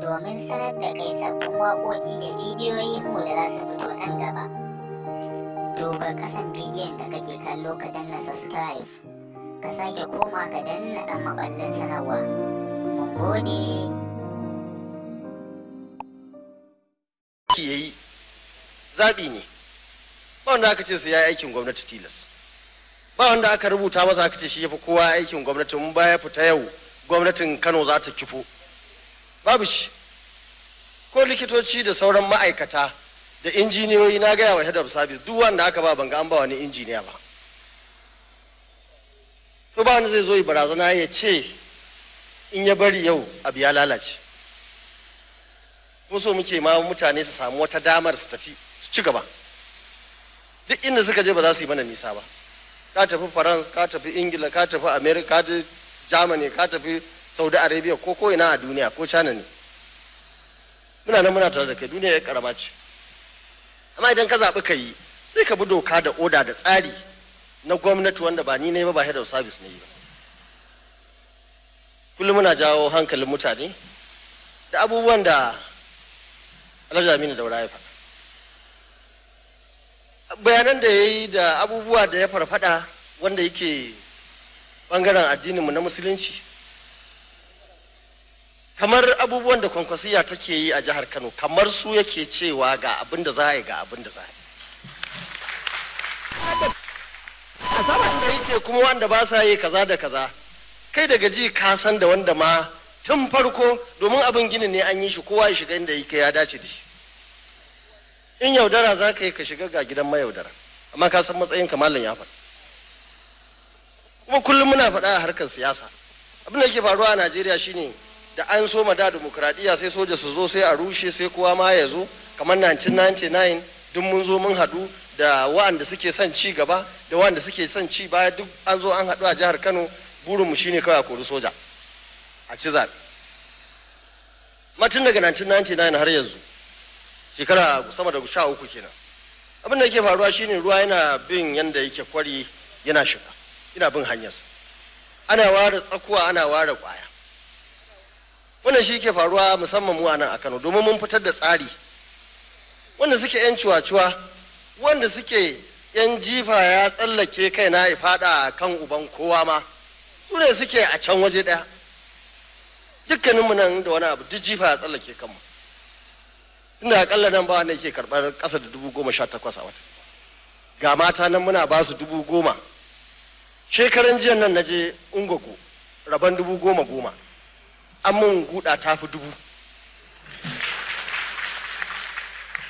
domin sanar da kai sabbin waƙoƙi da bidiyoyinmu da za su fito nan gaba. Duba ƙasan bidiyon da kake kallo ka danna subscribe, ka sake koma ka danna ɗan maɓallin sanarwa. Mun gode. yayi zaɓi ne ba wanda aka ce su ya yi aikin gwamnati tilas ba wanda aka rubuta masa aka ce shi ya fi kowa aikin gwamnati mun baya fita yau gwamnatin kano za ta kifo babu shi ko likitoci da sauran ma'aikata da injiniyoyi na gaya wa head of service duk wanda aka ba ban ga an ba wani injiniya ba to ba wani zai zo yi barazana ya ce in ya bari yau abu ya lalace kuma so muke ma mutane su samu wata damar su tafi su ci gaba duk inda suka je ba za su yi mana nisa ba ka tafi faransa ka tafi ingila ka tafi Amerika ka tafi germany ka tafi saudi arabia ko ko ina a duniya ko china ne muna nan muna tare da kai duniya ya karama ce amma idan ka zaɓi ka yi sai ka bi doka da oda da tsari na gwamnati wanda ba ni ne ba ba head of service ne ba kullum muna jawo hankalin mutane da abubuwan da alhaji da daura ya faɗa bayanan da ya yi da abubuwa da ya farfada wanda yake bangaren addininmu na musulunci kamar abubuwan da kwankwasiya take yi a jihar kano kamar su yake cewa ga abin da za a yi ga abin da za a yi a saman da yake kuma wanda ba sa yi kaza da kaza kai daga ji ka san da wanda ma tun farko domin abin gini ne an yi shi kowa ya shiga inda yake ya dace da shi in yaudara za ka yi ka shiga ga gidan mayaudara amma ka san matsayin kamalin ya faɗi kuma kullum muna faɗa a harkar siyasa abin da ke faruwa a najeriya shine da an so ma da demokradiyya sai soja su zo sai a rushe sai kowa ma ya zo kamar 1999 duk mun zo mun hadu da wa'anda suke son ci gaba da wa'anda suke son ci baya duk an zo an hadu a jihar kano burin mu shine kawai a kori soja a ci zaɓe matun daga 1999 har yanzu shekara sama da 13 uku kenan abin da yake faruwa shine ruwa yana bin yanda yake kwari yana shiga yana bin hanyarsa ana ware tsakuwa ana ware kwaya wannan shi ke faruwa musamman mu a nan a Kano domin mun fitar da tsari wanda suke yan ciwaciwa wanda suke yan jifa ya tsallake kai na ifada a kan uban kowa ma su ne suke a can waje ɗaya dukkaninmu nan da wani abu duk jifa ya tsallake kanmu inda akalla nan ba wanda yake karɓar ƙasa da dubu goma sha takwas a wata ga mata nan muna ba su dubu goma shekaran jiyan nan na je ungwago rabon dubu goma goma an mun guda ta fi dubu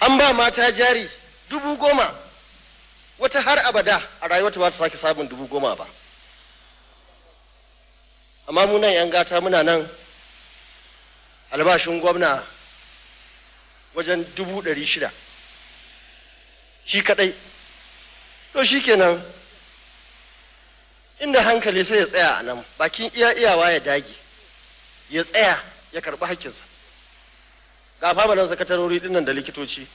an ba mata jari dubu goma wata har abada a rayuwata ba ta sake samun dubu goma ba amma munan yan gata muna nan albashin gwamna wajen dubu ɗari shida shi kaɗai to shi kenan inda hankali sai ya tsaya a nan bakin iya iyawa ya dage ya tsaya ya karɓi haƙƙinsa ga famanan sakatarori dinnan da likitoci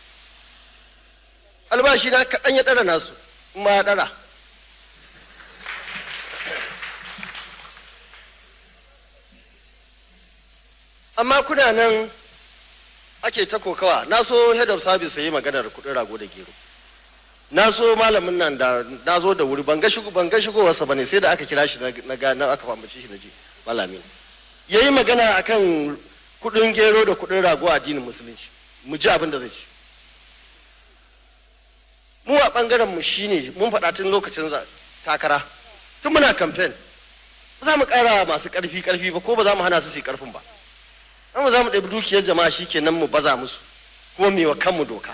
albashi na kaɗan ya ɗara nasu ma ya ɗara amma kuna nan ake ta kokawa na so head of service yi maganar kuɗin rago da gero na so malamin nan da na zo da wuri ban ga shigowarsa ba ne sai da aka kira shi na aka fahimci shi na ji malamin. ya yi magana a kan kudin gero da kudin rago a addinin musulunci mu ji abin da zai ci mu a ɓangaren mu shine mun faɗa tun lokacin takara tun muna kamfen ba za mu ƙara masu ƙarfi ƙarfi ba ko ba za mu hana su su yi ƙarfin ba amma za mu ɗabi dukiyar jama'a shi kenan mu baza musu kuma mai wa kanmu doka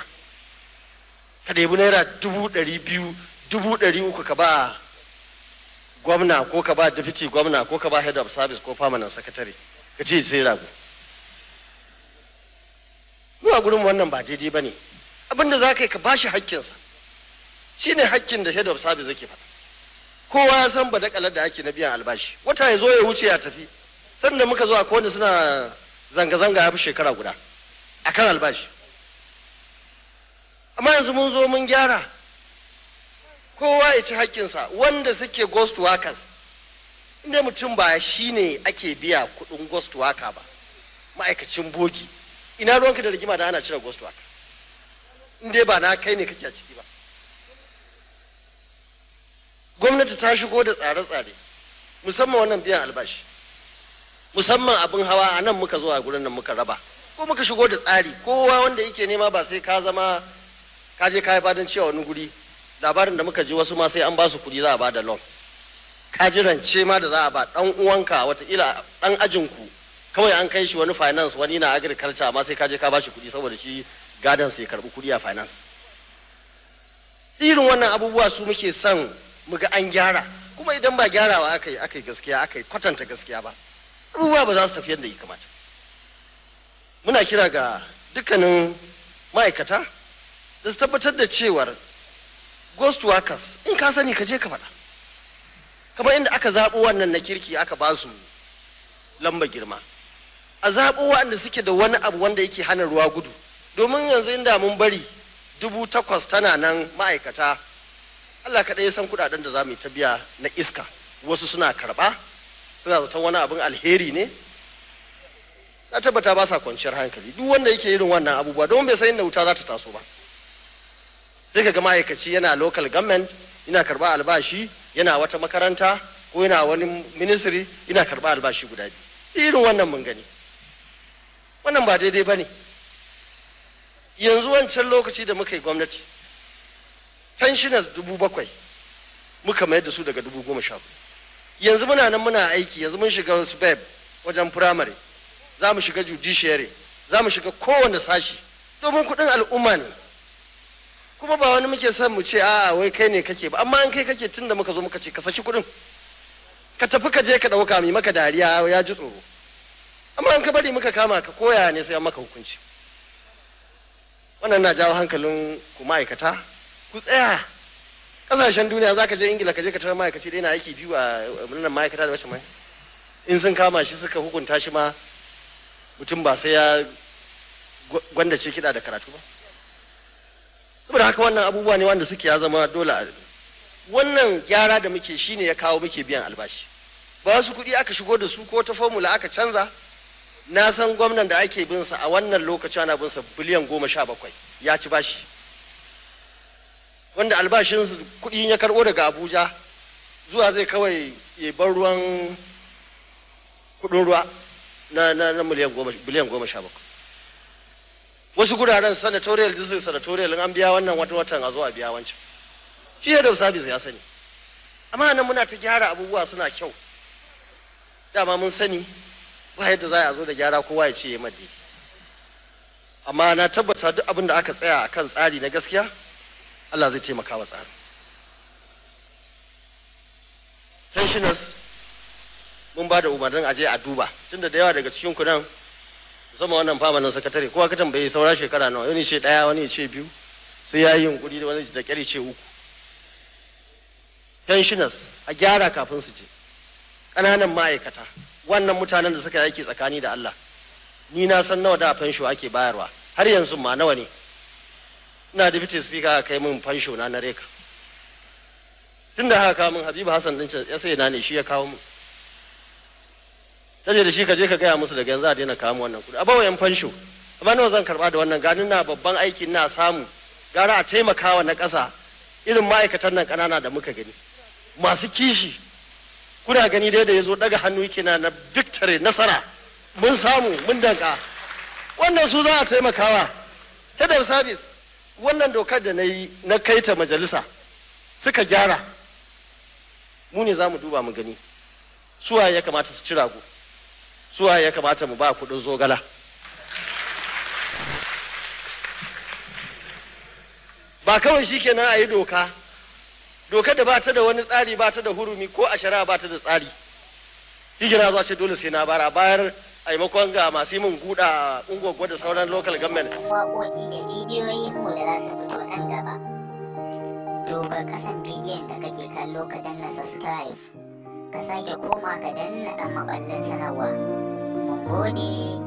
ka ɗabi naira dubu ɗari biyu dubu ɗari uku ka ba gwamna ko ka ba deputy gwamna ko ka ba head of service ko permanent secretary ka ce sai rago mu a gurin wannan ba daidai bane ne abinda za ka yi ka ba shi haƙƙinsa shi ne haƙƙin da head of service yake faɗa kowa ya san ba kalar da ake na biyan albashi wata ya zo ya wuce ya tafi sanda muka zo a wanda suna zanga-zanga ya fi shekara guda a albashi amma yanzu mun zo mun gyara kowa ya ci haƙƙinsa wanda suke ghost workers inda mutum ba shi ne ake biya kuɗin ghost worker ba ma'aikacin bogi ina ruwanka da rigima da ana cire ghost worker inda ba na kai ne kake a ciki ba gwamnati ta shigo da tsare-tsare musamman wannan biyan albashi musamman abin hawa a nan muka zo a gurin nan muka raba ko muka shigo da tsari kowa wanda yake nema ba sai ka zama ka je ka yi fadan cewa wani guri labarin da muka ji wasu ma sai an ba su kuɗi za a ba da loan jirance ma da za a ba ɗan uwanka wataƙila ɗan ajinku kawai an kai shi wani finance wani na agriculture amma sai ka je ka ba shi kuɗi saboda shi gadon sai karɓi kuɗi a finance irin wannan abubuwa su muke son mu ga an gyara kuma idan ba gyarawa aka yi aka yi gaskiya aka yi kwatanta gaskiya ba abubuwa ba za su tafi yadda ya kamata muna kira ga dukkanin ma'aikata da su tabbatar da cewar goes to workers in ka sani ka je ka faɗa kamar inda aka zaɓo wannan na kirki aka ba su lamba girma a zaɓo waɗanda suke da wani abu wanda yake hana ruwa gudu domin yanzu inda mun bari dubu takwas tana nan ma'aikata Allah kaɗai ya san kuɗaɗen da za mu yi ta biya na iska wasu suna karɓa suna zaton wani abin alheri ne na tabbata ba sa kwanciyar hankali duk wanda yake irin wannan abubuwa domin bai san inda wuta za ta taso ba sai ka ga ma'aikaci yana local government yana karba albashi yana wata makaranta ko yana wani ministry yana karba albashi guda biyu irin wannan mun gani wannan ba daidai ba ne yanzu wancan lokaci da muka yi gwamnati pensioners dubu bakwai muka mayar da su daga dubu goma sha yanzu muna nan muna aiki yanzu mun shiga subeb wajen firamare za mu shiga judiciary za mu shiga kowane sashi domin kuɗin al'umma ne kuma ba wani muke son mu ce a'a wai kai ne kake ba amma an kai kake tunda muka zo muka ce ka saki kuɗin ka tafi ka je ka ɗauka mai maka dariya ya ji tsoro amma an ka bari muka kama ka koya ne sai an maka hukunci wannan na jawo hankalin ku ma'aikata ku tsaya ƙasashen duniya za ka je ingila ka je ka tara ma'aikaci da yana aiki biyu a wannan ma'aikata da wacce mai in sun kama shi suka hukunta shi ma mutum ba sai ya gwanda ce kiɗa da karatu ba saboda haka wannan abubuwa ne wanda suke ya zama dole a wannan gyara da muke shine ya kawo muke biyan albashi ba su kuɗi aka shigo da su ko ta formula aka canza na san gwamnan da ake bin sa a wannan lokaci ana bin sa biliyan goma sha bakwai ya ci bashi wanda albashin kuɗi ya karɓo daga abuja zuwa zai kawai ya bar ruwan kuɗin ruwa na miliyan goma sha bakwai wasu guraren sanatorial district sanatoriyal an biya wannan wata watan a zo a biya wancan shi da of ya sani amma nan muna ta gyara abubuwa suna kyau dama mun sani ba yadda za a zo da gyara kowa ya ce ya amma na tabbata duk abin da aka tsaya a kan tsari na gaskiya Allah zai taimaka wa tsarin pensioners mun ba da umarnin aje a duba tunda da yawa daga cikin ku nan zama wannan fama nan sakatare kowa ka tambaye saura shekara nawa wani ce ɗaya wani ce biyu sai ya yi yunkuri da wani da kyar ce uku pensioners a gyara kafin su je ƙananan ma'aikata wannan mutanen da suka yake tsakani da Allah ni na san nawa da fansho ake bayarwa har yanzu ma nawa ne ina da deputy speaker a kai min fansho na na reka tunda haka min Habibu Hassan din ya sai na ne shi ya kawo min da shi ka je ka gaya musu daga yanzu a daina kamu wannan kuɗi a bawa yan fansho a ba nawa zan karɓa da wannan ganin na babban aiki na samu gara a taimakawa na ƙasa irin ma'aikatan nan ƙanana da muka gani masu kishi kuna gani dai da ya zo daga hannu yake na na victory nasara mun samu mun danka wannan su za a taimakawa head of service wannan dokar da na yi na kai ta majalisa suka gyara mu ne za mu duba mu gani waye ya kamata su ci rago suwa ya kamata mu ba kuɗin zogala ba kawai shi nan a yi doka doka da ba ta da wani tsari ba ta da hurumi ko a shari'a ba ta da tsari hijira zuwa ce dole sai na bara bayar a makon ga masu yi mun guda a ungwagwa da sauran local government. Waƙoƙi da bidiyoyin mu da za su fito nan gaba. Duba kasan bidiyon da kake kallo ka danna subscribe. Ka sake koma ka danna ɗan maɓallin sanarwa. ここに